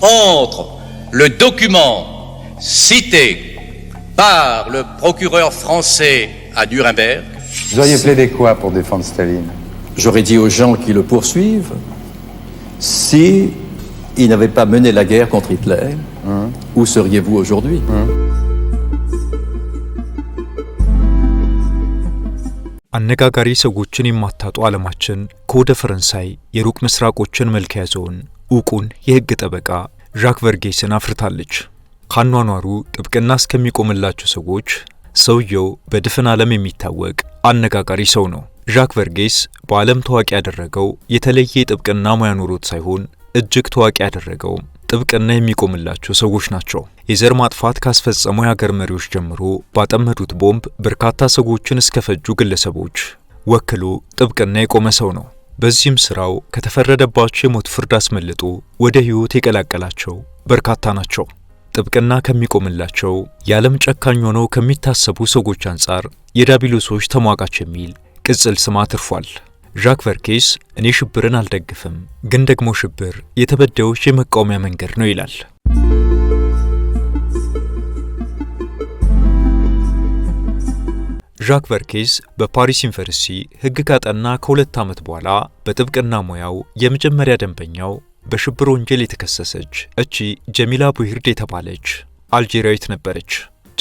entre le document cité par le procureur français à Nuremberg. Vous auriez plaidé quoi pour défendre Staline J'aurais dit aux gens qui le poursuivent, si il n'avait pas mené la guerre contre Hitler, hein où seriez-vous aujourd'hui hein ዕውቁን የህግ ጠበቃ ዣክ ቨርጌስን አፍርታለች። ካኗኗሩ ጥብቅና እስከሚቆምላቸው ሰዎች ሰውየው በድፍን ዓለም የሚታወቅ አነጋጋሪ ሰው ነው። ዣክ ቨርጌስ በዓለም ታዋቂ ያደረገው የተለየ ጥብቅና ሙያ ኖሮት ሳይሆን እጅግ ታዋቂ ያደረገው ጥብቅና የሚቆምላቸው ሰዎች ናቸው። የዘር ማጥፋት ካስፈጸሙ የሀገር መሪዎች ጀምሮ ባጠመዱት ቦምብ በርካታ ሰዎችን እስከፈጁ ግለሰቦች ወክሎ ጥብቅና የቆመ ሰው ነው። በዚህም ስራው ከተፈረደባቸው የሞት ፍርድ አስመልጦ ወደ ህይወት የቀላቀላቸው በርካታ ናቸው። ጥብቅና ከሚቆምላቸው የዓለም ጨካኝ ሆነው ከሚታሰቡ ሰዎች አንጻር የዳቢሎሶች ተሟጋች የሚል ቅጽል ስም አትርፏል። ዣክ ቨርኬስ እኔ ሽብርን አልደግፍም፣ ግን ደግሞ ሽብር የተበደዎች የመቃወሚያ መንገድ ነው ይላል። ዣክ ቨርኬዝ በፓሪስ ዩኒቨርሲቲ ሕግ ካጠና ከሁለት ዓመት በኋላ በጥብቅና ሙያው የመጀመሪያ ደንበኛው በሽብር ወንጀል የተከሰሰች እቺ ጀሚላ ቡሂርድ የተባለች አልጄሪያዊት ነበረች።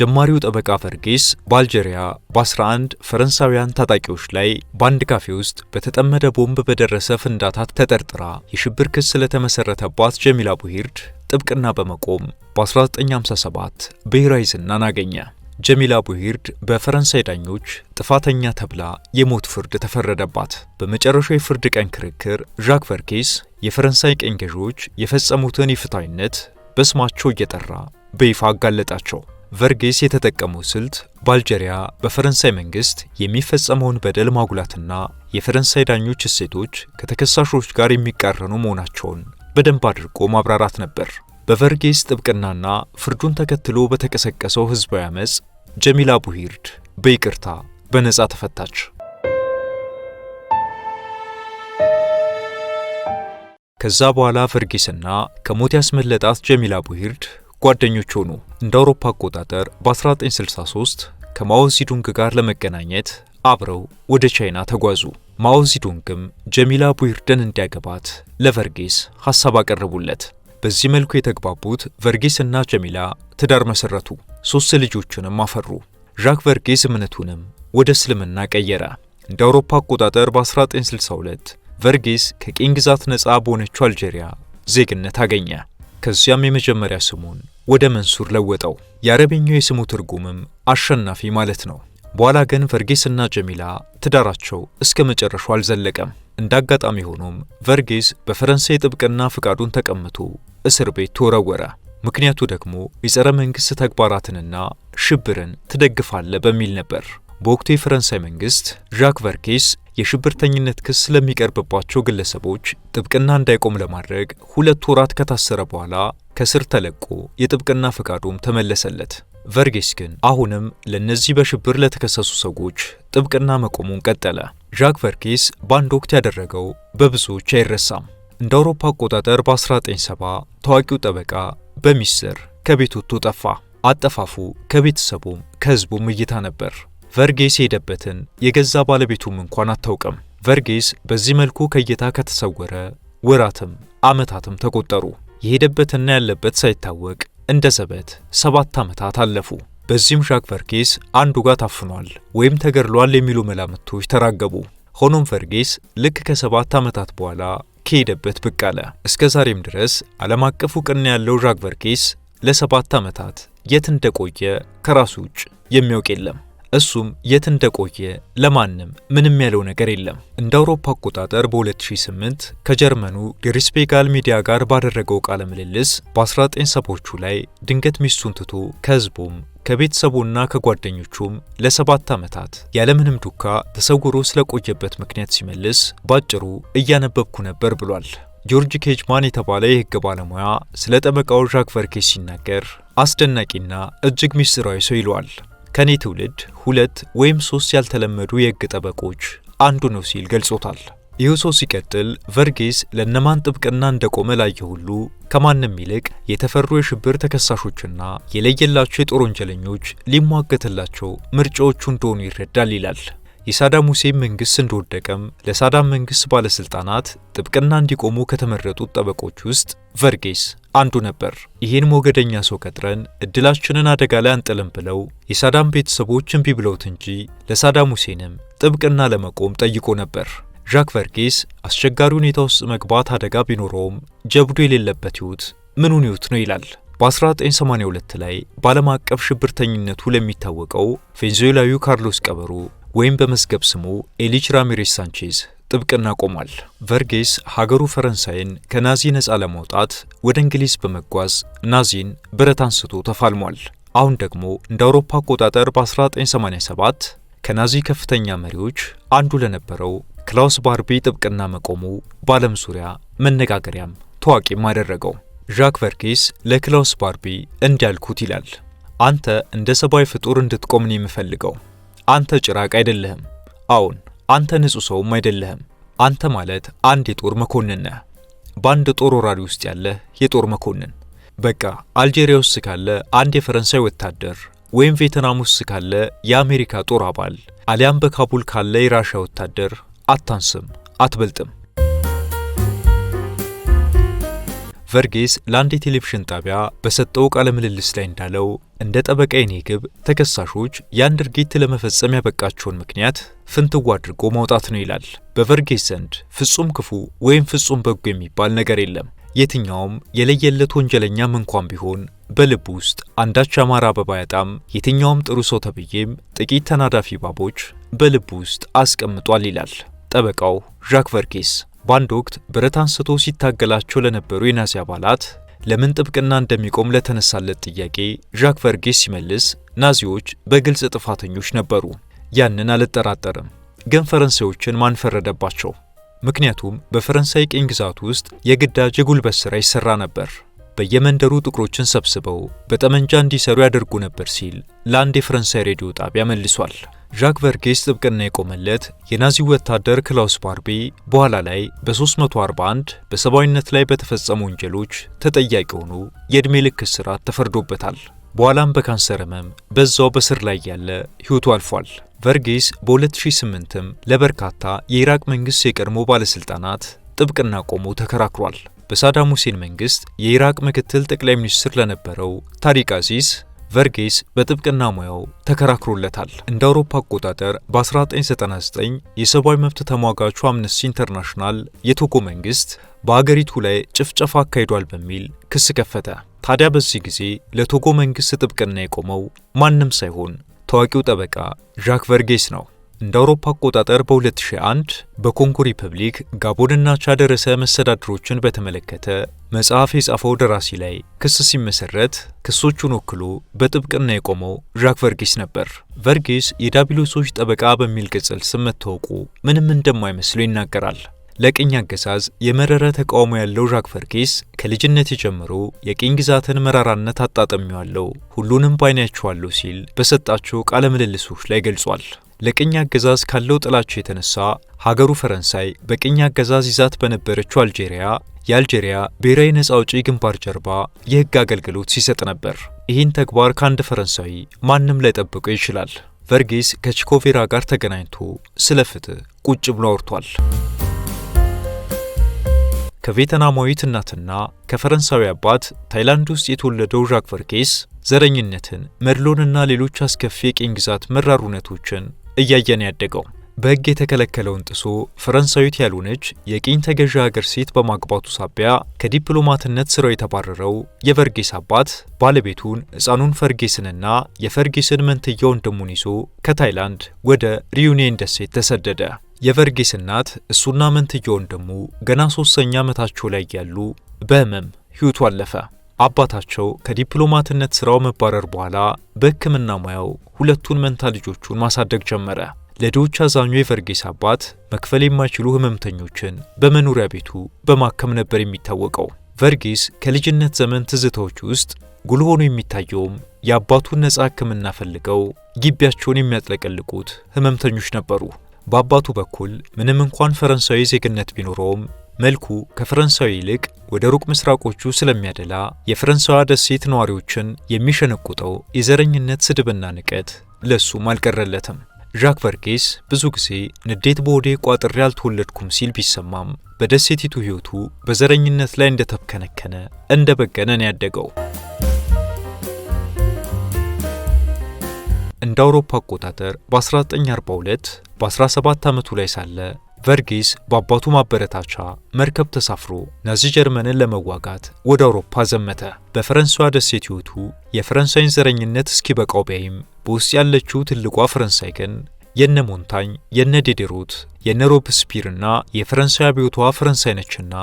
ጀማሪው ጠበቃ ቨርጌስ በአልጄሪያ በ11 ፈረንሳውያን ታጣቂዎች ላይ በአንድ ካፌ ውስጥ በተጠመደ ቦምብ በደረሰ ፍንዳታ ተጠርጥራ የሽብር ክስ ስለተመሰረተባት ጀሚላ ቡሂርድ ጥብቅና በመቆም በ1957 ብሔራዊ ዝናን አገኘ። ጀሚላ ቡሂርድ በፈረንሳይ ዳኞች ጥፋተኛ ተብላ የሞት ፍርድ ተፈረደባት። በመጨረሻው የፍርድ ቀን ክርክር ዣክ ቨርኬስ የፈረንሳይ ቀኝ ገዢዎች የፈጸሙትን ይፍታዊነት በስማቸው እየጠራ በይፋ አጋለጣቸው። ቨርጌስ የተጠቀመው ስልት በአልጄሪያ በፈረንሳይ መንግስት የሚፈጸመውን በደል ማጉላትና የፈረንሳይ ዳኞች እሴቶች ከተከሳሾች ጋር የሚቃረኑ መሆናቸውን በደንብ አድርጎ ማብራራት ነበር። በቨርጌስ ጥብቅናና ፍርዱን ተከትሎ በተቀሰቀሰው ህዝባዊ አመፅ ጀሚላ ቡሂርድ በይቅርታ በነፃ ተፈታች። ከዛ በኋላ ቨርጌስና ከሞት ያስመለጣት ጀሚላ ቡሂርድ ጓደኞች ሆኑ። እንደ አውሮፓ አቆጣጠር በ1963 ከማኦ ጋር ለመገናኘት አብረው ወደ ቻይና ተጓዙ። ማኦ ጀሚላ ቡሂርድን እንዲያገባት ለቨርጌስ ሐሳብ አቀረቡለት። በዚህ መልኩ የተግባቡት ቨርጌስ እና ጀሚላ ትዳር መሰረቱ፣ ሶስት ልጆችንም አፈሩ። ዣክ ቨርጌስ እምነቱንም ወደ እስልምና ቀየረ። እንደ አውሮፓ አቆጣጠር በ1962 ቨርጌስ ከቅኝ ግዛት ነፃ በሆነችው አልጄሪያ ዜግነት አገኘ። ከዚያም የመጀመሪያ ስሙን ወደ መንሱር ለወጠው። የአረበኛው የስሙ ትርጉምም አሸናፊ ማለት ነው። በኋላ ግን እና ጀሚላ ትዳራቸው እስከ መጨረሻው አልዘለቀም። እንደ አጋጣሚ ሆኖም ቨርጌስ በፈረንሳይ ጥብቅና ፍቃዱን ተቀምቶ እስር ቤት ተወረወረ። ምክንያቱ ደግሞ የጸረ መንግሥት ተግባራትንና ሽብርን ትደግፋለ በሚል ነበር። በወቅቱ የፈረንሳይ መንግሥት ዣክ ቨርኬስ የሽብርተኝነት ክስ ስለሚቀርብባቸው ግለሰቦች ጥብቅና እንዳይቆም ለማድረግ ሁለት ወራት ከታሰረ በኋላ ከስር ተለቆ የጥብቅና ፈቃዱም ተመለሰለት። ቨርጌስ ግን አሁንም ለእነዚህ በሽብር ለተከሰሱ ሰዎች ጥብቅና መቆሙን ቀጠለ። ዣክ ቨርጌስ በአንድ ወቅት ያደረገው በብዙዎች አይረሳም። እንደ አውሮፓ አቆጣጠር በ1970 ታዋቂው ጠበቃ በሚስጥር ከቤት ወጥቶ ጠፋ። አጠፋፉ ከቤተሰቡም ከህዝቡም እይታ ነበር። ቨርጌስ የሄደበትን የገዛ ባለቤቱም እንኳን አታውቅም። ቨርጌስ በዚህ መልኩ ከእይታ ከተሰወረ ወራትም ዓመታትም ተቆጠሩ። የሄደበትና ያለበት ሳይታወቅ እንደ ዘበት ሰባት ዓመታት አለፉ። በዚህም ዣክ ቨርጌስ አንዱ ጋር ታፍኗል ወይም ተገድሏል የሚሉ መላምቶች ተራገቡ። ሆኖም ቨርጌስ ልክ ከሰባት ዓመታት በኋላ ከሄደበት ብቅ አለ። እስከ ዛሬም ድረስ ዓለም አቀፍ እውቅና ያለው ዣክ ቨርጌስ ለሰባት ዓመታት የት እንደቆየ ከራሱ ውጭ የሚያውቅ የለም። እሱም የት እንደቆየ ለማንም ምንም ያለው ነገር የለም። እንደ አውሮፓ አቆጣጠር በ2008 ከጀርመኑ የሪስፔጋል ሚዲያ ጋር ባደረገው ቃለ ምልልስ በ1970ዎቹ ላይ ድንገት ሚስቱን ትቶ ከህዝቡም ከቤተሰቡና ከጓደኞቹም ለሰባት ዓመታት ያለምንም ዱካ ተሰውሮ ስለቆየበት ምክንያት ሲመልስ ባጭሩ እያነበብኩ ነበር ብሏል። ጆርጅ ኬጅማን የተባለ የሕግ ባለሙያ ስለ ጠበቃው ዣክ ቨርኬ ሲናገር አስደናቂና እጅግ ምስጢራዊ ሰው ይለዋል። ከኔ ትውልድ ሁለት ወይም ሶስት ያልተለመዱ የሕግ ጠበቆች አንዱ ነው ሲል ገልጾታል። ይህ ሰው ሲቀጥል ቨርጌስ ለእነማን ጥብቅና እንደቆመ ላየ ሁሉ ከማንም ይልቅ የተፈሩ የሽብር ተከሳሾችና የለየላቸው የጦር ወንጀለኞች ሊሟገትላቸው ምርጫዎቹ እንደሆኑ ይረዳል ይላል። የሳዳም ሁሴን መንግስት እንደወደቀም ለሳዳም መንግስት ባለስልጣናት ጥብቅና እንዲቆሙ ከተመረጡት ጠበቆች ውስጥ ቨርጌስ አንዱ ነበር። ይህን ሞገደኛ ሰው ቀጥረን እድላችንን አደጋ ላይ አንጥልም ብለው የሳዳም ቤተሰቦች እምቢ ብለውት እንጂ ለሳዳም ሁሴንም ጥብቅና ለመቆም ጠይቆ ነበር። ዣክ ቨርጌስ አስቸጋሪ ሁኔታ ውስጥ መግባት አደጋ ቢኖረውም ጀብዱ የሌለበት ህይወት ምኑን ሕይወት ነው ይላል። በ1982 ላይ በዓለም አቀፍ ሽብርተኝነቱ ለሚታወቀው ቬንዙዌላዊ ካርሎስ ቀበሮ ወይም በመዝገብ ስሙ ኤሊች ራሚሬስ ሳንቼዝ ጥብቅና ቆሟል። ቨርጌስ ሀገሩ ፈረንሳይን ከናዚ ነፃ ለማውጣት ወደ እንግሊዝ በመጓዝ ናዚን ብረት አንስቶ ተፋልሟል። አሁን ደግሞ እንደ አውሮፓ አቆጣጠር በ1987 ከናዚ ከፍተኛ መሪዎች አንዱ ለነበረው ክላውስ ባርቢ ጥብቅና መቆሙ በዓለም ዙሪያ መነጋገሪያም ታዋቂም አደረገው። ዣክ ቨርጌስ ለክላውስ ባርቢ እንዲያልኩት ይላል፣ አንተ እንደ ሰብአዊ ፍጡር እንድትቆምን የምፈልገው። አንተ ጭራቅ አይደለህም። አዎን፣ አንተ ንጹሕ ሰውም አይደለህም። አንተ ማለት አንድ የጦር መኮንን ነህ፣ በአንድ ጦር ወራሪ ውስጥ ያለህ የጦር መኮንን። በቃ አልጄሪያ ውስጥ ካለ አንድ የፈረንሳይ ወታደር ወይም ቬትናም ውስጥ ካለ የአሜሪካ ጦር አባል አሊያም በካቡል ካለ የራሻ ወታደር አታንስም፣ አትበልጥም። ቨርጌስ ለአንድ የቴሌቪዥን ጣቢያ በሰጠው ቃለ ምልልስ ላይ እንዳለው እንደ ጠበቃ የኔ ግብ ተከሳሾች ያን ድርጊት ለመፈጸም ያበቃቸውን ምክንያት ፍንትዋ አድርጎ ማውጣት ነው ይላል። በቨርጌስ ዘንድ ፍጹም ክፉ ወይም ፍጹም በጎ የሚባል ነገር የለም። የትኛውም የለየለት ወንጀለኛም እንኳን ቢሆን በልብ ውስጥ አንዳች አማረ አበባ ያጣም። የትኛውም ጥሩ ሰው ተብዬም ጥቂት ተናዳፊ ባቦች በልብ ውስጥ አስቀምጧል ይላል። ጠበቃው ዣክ ቨርጌስ በአንድ ወቅት ብረት አንስቶ ሲታገላቸው ለነበሩ የናዚ አባላት ለምን ጥብቅና እንደሚቆም ለተነሳለት ጥያቄ ዣክ ቨርጌስ ሲመልስ ናዚዎች በግልጽ ጥፋተኞች ነበሩ። ያንን አልጠራጠርም። ግን ፈረንሳዮችን ማን ፈረደባቸው? ምክንያቱም በፈረንሳይ ቅኝ ግዛት ውስጥ የግዳጅ የጉልበት ሥራ ይሠራ ነበር። በየመንደሩ ጥቁሮችን ሰብስበው በጠመንጃ እንዲሰሩ ያደርጉ ነበር ሲል ለአንድ የፈረንሳይ ሬዲዮ ጣቢያ መልሷል። ዣክ ቨርጌስ ጥብቅና የቆመለት የናዚ ወታደር ክላውስ ባርቢ በኋላ ላይ በ341 በሰብአዊነት ላይ በተፈጸሙ ወንጀሎች ተጠያቂ ሆኖ የዕድሜ ልክ እስራት ተፈርዶበታል። በኋላም በካንሰር ህመም በዛው በስር ላይ ያለ ሕይወቱ አልፏል። ቨርጌስ በ2008ም ለበርካታ የኢራቅ መንግሥት የቀድሞ ባለሥልጣናት ጥብቅና ቆሞ ተከራክሯል። በሳዳም ሁሴን መንግሥት የኢራቅ ምክትል ጠቅላይ ሚኒስትር ለነበረው ታሪቅ አዚዝ ቨርጌስ በጥብቅና ሙያው ተከራክሮለታል። እንደ አውሮፓ አቆጣጠር በ1999 የሰብአዊ መብት ተሟጋቹ አምነስቲ ኢንተርናሽናል የቶጎ መንግስት በአገሪቱ ላይ ጭፍጨፋ አካሂዷል በሚል ክስ ከፈተ። ታዲያ በዚህ ጊዜ ለቶጎ መንግስት ጥብቅና የቆመው ማንም ሳይሆን ታዋቂው ጠበቃ ዣክ ቨርጌስ ነው። እንደ አውሮፓ አቆጣጠር በ2001 በኮንጎ ሪፐብሊክ ጋቦንና ቻድ ርዕሰ መስተዳድሮችን በተመለከተ መጽሐፍ የጻፈው ደራሲ ላይ ክስ ሲመሰረት ክሶቹን ወክሎ በጥብቅና የቆመው ዣክ ቨርጊስ ነበር። ቨርጊስ የዳቢሎሶች ጠበቃ በሚል ቅጽል ስም መታወቁ ምንም እንደማይመስሉ ይናገራል። ለቅኝ አገዛዝ የመረረ ተቃውሞ ያለው ዣክ ቨርጊስ ከልጅነት ጀምሮ የቅኝ ግዛትን መራራነት አጣጥሜዋለሁ፣ ሁሉንም ባይናችኋለሁ ሲል በሰጣቸው ቃለ ምልልሶች ላይ ገልጿል። ለቅኝ አገዛዝ ካለው ጥላቸው የተነሳ ሀገሩ ፈረንሳይ በቅኝ አገዛዝ ይዛት በነበረችው አልጄሪያ የአልጄሪያ ብሔራዊ ነፃ አውጪ ግንባር ጀርባ የሕግ አገልግሎት ሲሰጥ ነበር። ይህን ተግባር ከአንድ ፈረንሳዊ ማንም ላይጠብቀው ይችላል። ቨርጌስ ከቺኮቬራ ጋር ተገናኝቶ ስለ ፍትህ ቁጭ ብሎ አውርቷል። ከቬትናማዊት እናትና ከፈረንሳዊ አባት ታይላንድ ውስጥ የተወለደው ዣክ ቨርጌስ ዘረኝነትን፣ መድሎንና ሌሎች አስከፊ የቅኝ ግዛት መራር እውነቶችን እያየን ያደገው። በሕግ የተከለከለውን ጥሶ ፈረንሳዊት ያልሆነች የቅኝ ተገዢ ሀገር ሴት በማግባቱ ሳቢያ ከዲፕሎማትነት ስራው የተባረረው የፈርጌስ አባት ባለቤቱን ሕፃኑን ፈርጌስንና የፈርጌስን መንትያ ወንድሙን ይዞ ከታይላንድ ወደ ሪዩኔን ደሴት ተሰደደ። የፈርጌስ እናት እሱና መንትያ ወንድሙ ገና ሶስተኛ ዓመታቸው ላይ ያሉ በህመም ሕይወቱ አለፈ። አባታቸው ከዲፕሎማትነት ስራው መባረር በኋላ በሕክምና ሙያው ሁለቱን መንታ ልጆቹን ማሳደግ ጀመረ። ለድሆች አዛኙ የቨርጌስ አባት መክፈል የማይችሉ ህመምተኞችን በመኖሪያ ቤቱ በማከም ነበር የሚታወቀው። ቨርጌስ ከልጅነት ዘመን ትዝታዎች ውስጥ ጉልህ ሆኖ የሚታየውም የአባቱን ነፃ ሕክምና ፈልገው ግቢያቸውን የሚያጥለቀልቁት ህመምተኞች ነበሩ። በአባቱ በኩል ምንም እንኳን ፈረንሳዊ ዜግነት ቢኖረውም መልኩ ከፈረንሳዊ ይልቅ ወደ ሩቅ ምስራቆቹ ስለሚያደላ የፈረንሳዋ ደሴት ነዋሪዎችን የሚሸነቁጠው የዘረኝነት ስድብና ንቀት ለሱም አልቀረለትም። ዣክ ቨርጌስ ብዙ ጊዜ ንዴት በወዴ ቋጥሬ አልተወለድኩም ሲል ቢሰማም በደሴቲቱ ሕይወቱ በዘረኝነት ላይ እንደተብከነከነ እንደ በገነን ያደገው እንደ አውሮፓ አቆጣጠር በ1942 በ17 ዓመቱ ላይ ሳለ ቨርጊስ በአባቱ ማበረታቻ መርከብ ተሳፍሮ ናዚ ጀርመንን ለመዋጋት ወደ አውሮፓ ዘመተ። በፈረንሳይ ደሴት ሕይወቱ የፈረንሳይን ዘረኝነት እስኪበቃው ቢያይም በውስጥ ያለችው ትልቋ ፈረንሳይ ግን የነ ሞንታኝ፣ የነ ዴዴሮት፣ የነ ሮብስፒርና የፈረንሳይ አብዮቷ ፈረንሳይ ነችና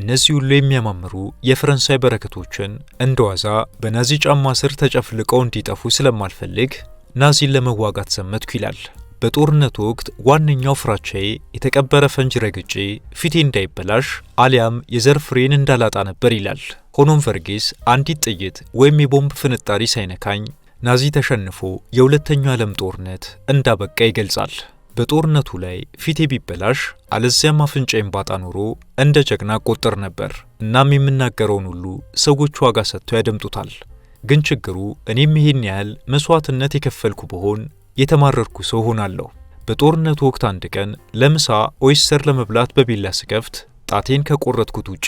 እነዚህ ሁሉ የሚያማምሩ የፈረንሳይ በረከቶችን እንደዋዛ በናዚ ጫማ ስር ተጨፍልቀው እንዲጠፉ ስለማልፈልግ ናዚን ለመዋጋት ዘመትኩ ይላል። በጦርነቱ ወቅት ዋነኛው ፍራቻዬ የተቀበረ ፈንጅ ረግጬ ፊቴ እንዳይበላሽ አሊያም የዘር ፍሬን እንዳላጣ ነበር ይላል። ሆኖም ቨርጌስ አንዲት ጥይት ወይም የቦምብ ፍንጣሪ ሳይነካኝ ናዚ ተሸንፎ የሁለተኛው ዓለም ጦርነት እንዳበቃ ይገልጻል። በጦርነቱ ላይ ፊቴ ቢበላሽ አለዚያም አፍንጫዬን ባጣ ኖሮ እንደ ጀግና ቆጠር ነበር። እናም የምናገረውን ሁሉ ሰዎች ዋጋ ሰጥተው ያደምጡታል። ግን ችግሩ እኔም ይሄን ያህል መስዋዕትነት የከፈልኩ በሆን የተማረርኩ ሰው ሆናለሁ። በጦርነቱ ወቅት አንድ ቀን ለምሳ ኦይስተር ለመብላት በቢላ ስከፍት ጣቴን ከቆረጥኩት ውጪ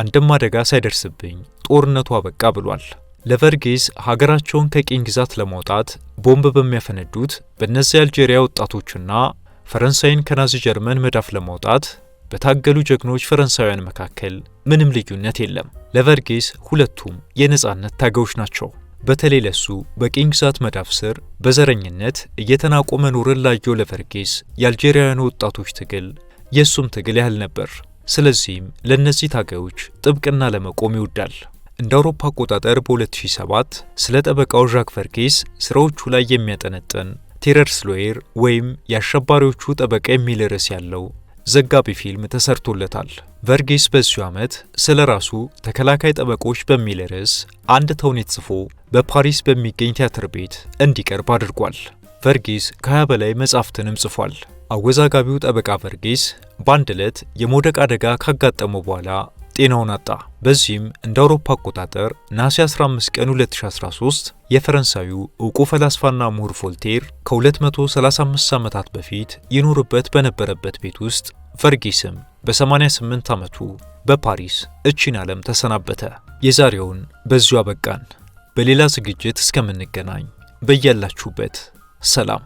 አንድም አደጋ ሳይደርስብኝ ጦርነቱ አበቃ ብሏል። ለቨርጌዝ ሀገራቸውን ከቅኝ ግዛት ለማውጣት ቦምብ በሚያፈነዱት በእነዚህ አልጄሪያ ወጣቶችና ፈረንሳይን ከናዚ ጀርመን መዳፍ ለማውጣት በታገሉ ጀግኖች ፈረንሳውያን መካከል ምንም ልዩነት የለም። ለቨርጌዝ ሁለቱም የነጻነት ታጋዮች ናቸው። በተለይ ለሱ በቅኝ ግዛት መዳፍ ስር በዘረኝነት እየተናቁ መኖርን ላየው ለፈርጌስ የአልጄሪያውያኑ ወጣቶች ትግል የእሱም ትግል ያህል ነበር። ስለዚህም ለእነዚህ ታጋዮች ጥብቅና ለመቆም ይወዳል። እንደ አውሮፓ አቆጣጠር በ2007 ስለ ጠበቃው ዣክ ፈርጌስ ስራዎቹ ላይ የሚያጠነጥን ቴረርስ ስሎየር ወይም የአሸባሪዎቹ ጠበቃ የሚል ርዕስ ያለው ዘጋቢ ፊልም ተሰርቶለታል። ቨርጌስ በዚሁ ዓመት ስለ ራሱ ተከላካይ ጠበቆች በሚል ርዕስ አንድ ተውኔት ጽፎ በፓሪስ በሚገኝ ቲያትር ቤት እንዲቀርብ አድርጓል። ቨርጌስ ከ20 በላይ መጻሕፍትንም ጽፏል። አወዛጋቢው ጠበቃ ቨርጌስ በአንድ ዕለት የመውደቅ አደጋ ካጋጠመው በኋላ ጤናውን አጣ። በዚህም እንደ አውሮፓ አቆጣጠር ነሐሴ 15 ቀን 2013 የፈረንሳዩ ዕውቁ ፈላስፋና ምሁር ቮልቴር ከ235 ዓመታት በፊት ይኖርበት በነበረበት ቤት ውስጥ ፈርጊስም በ88 ዓመቱ በፓሪስ እቺን ዓለም ተሰናበተ። የዛሬውን በዚሁ አበቃን። በሌላ ዝግጅት እስከምንገናኝ በያላችሁበት ሰላም